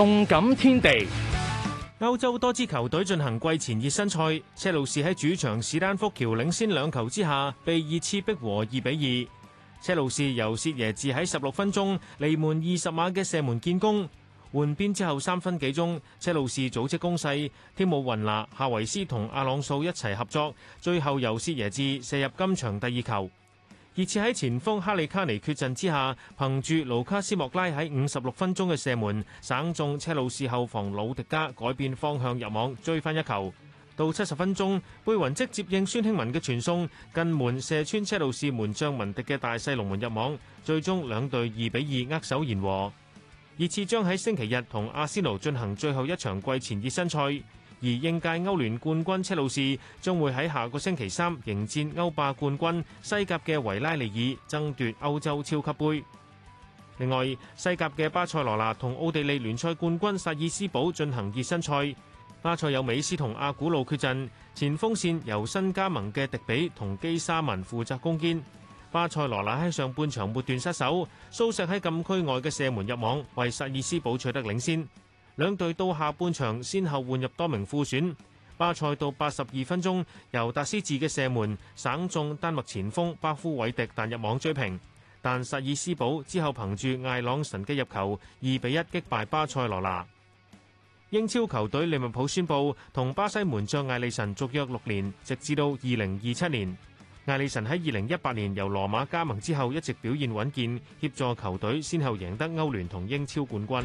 動感天地，歐洲多支球隊進行季前熱身賽。車路士喺主場史丹福橋領先兩球之下，被熱刺逼和二比二。車路士由薛耶治喺十六分鐘離門二十碼嘅射門建功，換邊之後三分幾鐘，車路士組織攻勢，添姆雲拿夏維斯同阿朗素一齊合作，最後由薛耶治射入今場第二球。熱刺喺前鋒哈利卡尼缺陣之下，憑住盧卡斯莫拉喺五十六分鐘嘅射門，省中車路士後防魯迪加改變方向入網追翻一球。到七十分鐘，貝雲即接應孫興文嘅傳送，近門射穿車路士門將文迪嘅大細龍門入網。最終兩隊二比二握手言和。熱刺將喺星期日同阿仙奴進行最後一場季前熱身賽。而應屆歐聯冠軍車路士將會喺下個星期三迎戰歐霸冠軍西甲嘅維拉利爾，爭奪歐洲超級杯。另外，西甲嘅巴塞羅那同奧地利聯賽冠軍薩爾斯堡進行熱身賽。巴塞有美斯同阿古路缺陣，前鋒線由新加盟嘅迪比同基沙文負責攻堅。巴塞羅那喺上半場末段失守，蘇石喺禁區外嘅射門入網，為薩爾斯堡取得領先。兩隊到下半場，先後換入多名副選。巴塞到八十二分鐘，由達斯治嘅射門省中丹麥前鋒巴夫韋迪彈入網追平，但薩爾斯堡之後憑住艾朗神嘅入球二比一擊敗巴塞羅那。英超球隊利物浦宣布同巴西門將艾利臣續約六年，直至到二零二七年。艾利臣喺二零一八年由羅馬加盟之後，一直表現穩健，協助球隊先後贏得歐聯同英超冠軍。